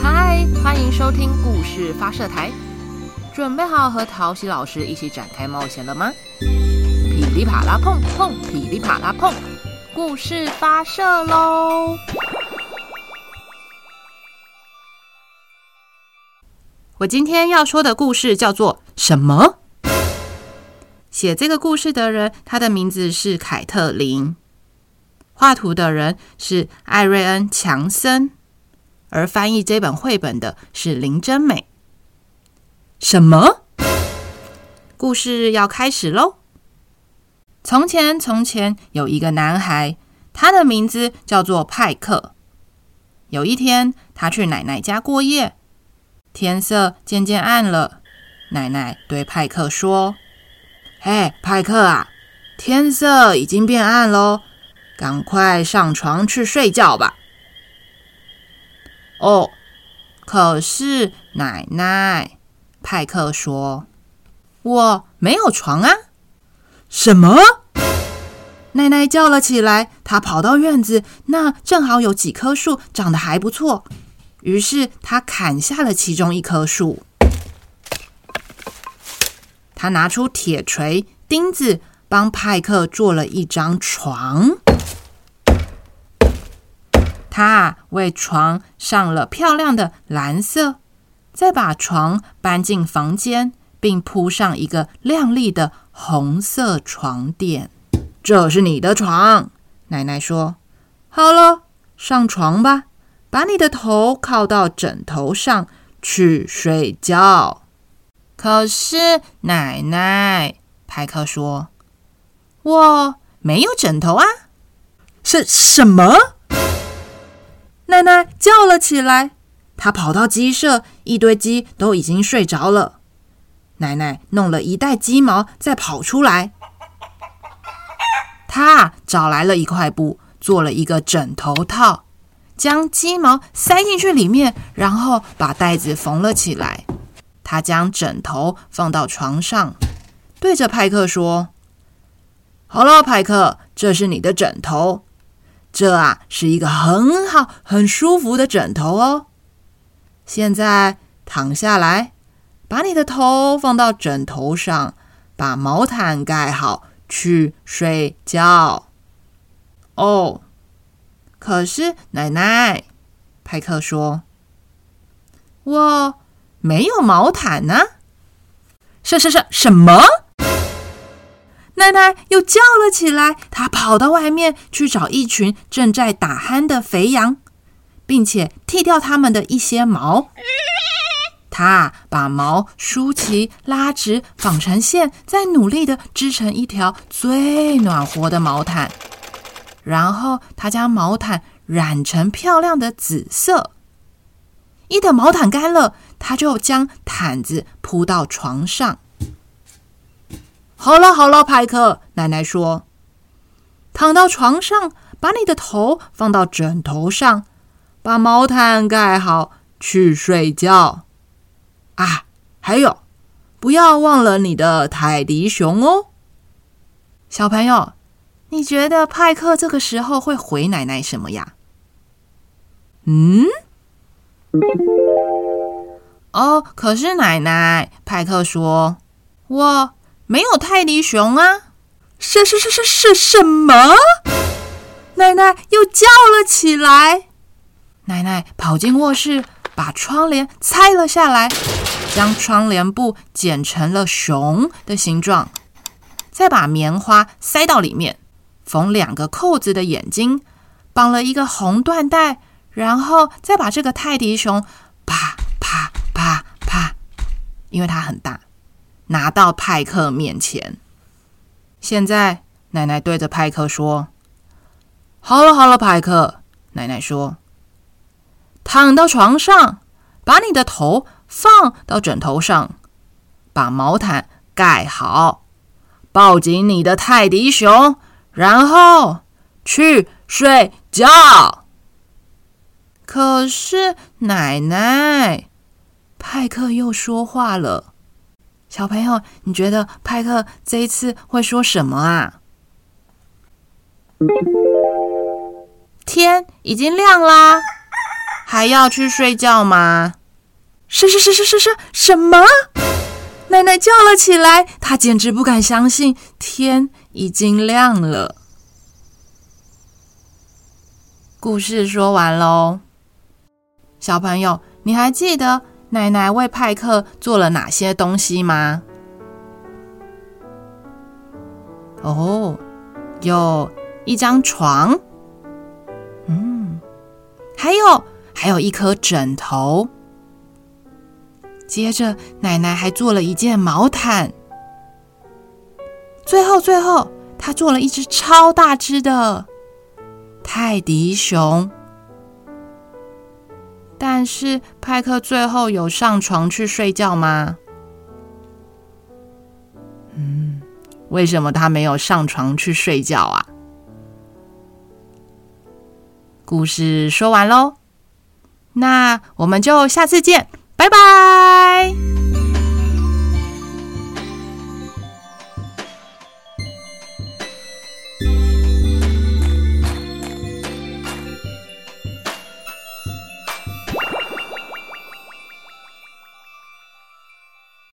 嗨，歡迎收聽故事發射台！準備好和陶西老師一起展開冒險了嗎？噼里啪啦碰碰，噼里啪啦碰，故事發射嘍！我今天要說的故事叫做什麼？寫這個故事的人，他的名字是凱特琳；畫圖的人是艾瑞恩·強森。而翻譯這本繪本的是林真美。什麼？故事要開始嘍！從前，從前有一個男孩，他的名字叫做派克。有一天，他去奶奶家過夜。天色漸漸暗了，奶奶對派克說：“嘿，派克啊，天色已經變暗嘍，趕快上床去睡覺吧。”哦，可是奶奶，派克說，我沒有床啊！什麼？奶奶叫了起來。她跑到院子，那正好有幾棵樹長得還不錯。於是她砍下了其中一棵樹，她拿出鐵錘、釘子，幫派克做了一張床。啊，為床上了漂亮的藍色，再把床搬進房間，並鋪上一個亮麗的紅色床墊。這是你的床，奶奶說：“好了，上床吧，把你的頭靠到枕頭上去睡覺。”可是奶奶，派克說：“我沒有枕頭啊，是什麼？”奶奶叫了起來，她跑到雞舍，一堆雞都已經睡着了。奶奶弄了一袋雞毛，再跑出來。她找來了一塊布，做了一個枕頭套，將雞毛塞進去裡面，然後把袋子縫了起來。她將枕頭放到床上，對着派克說：“好了，派克，這是你的枕頭。”這啊是一個很好很舒服的枕頭哦。現在躺下來，把你的頭放到枕頭上，把毛毯蓋好，去睡覺。哦，可是奶奶，派克說，我沒有毛毯呢、啊。是是是，什麼？奶奶又叫了起來，她跑到外面去找一群正在打鼾的肥羊，並且剃掉它們的一些毛。她把毛梳齊、拉直、紡成線，再努力的織成一條最暖和的毛毯。然後，她將毛毯染成漂亮的紫色。一等毛毯乾了，她就將毯子鋪到床上。好了好了，派克奶奶說：“躺到床上，把你的頭放到枕頭上，把毛毯蓋好，去睡覺啊！還有，不要忘了你的泰迪熊哦。”小朋友，你覺得派克這個時候會回奶奶什麼呀？嗯？哦，可是奶奶，派克說：“我。”沒有泰迪熊啊！什什什什什什麼？奶奶又叫了起來。奶奶跑進臥室，把窗簾拆了下來，將窗簾布剪成了熊的形狀，再把棉花塞到裡面，縫兩個釦子的眼睛，綁了一個紅緞帶，然後再把這個泰迪熊啪啪啪啪，因為它很大。拿到派克面前。現在，奶奶對着派克說：“好了好了，派克。”奶奶說：“躺到床上，把你的頭放到枕頭上，把毛毯蓋好，抱緊你的泰迪熊，然後去睡覺。”可是，奶奶，派克又說話了。小朋友，你覺得派克這一次會說什麼啊？天已經亮啦，還要去睡覺嗎？是是是是是是，什麼？奶奶叫了起來，她簡直不敢相信天已經亮了。故事說完嘍，小朋友，你還記得？奶奶為派克做了哪些東西嗎？哦，有一張床，嗯，還有還有一顆枕頭。接着，奶奶還做了一件毛毯。最後，最後，她做了一隻超大隻的泰迪熊。但是派克最後有上床去睡覺嗎？嗯，為什麼他沒有上床去睡覺啊？故事說完嘍。那我們就下次見，拜拜！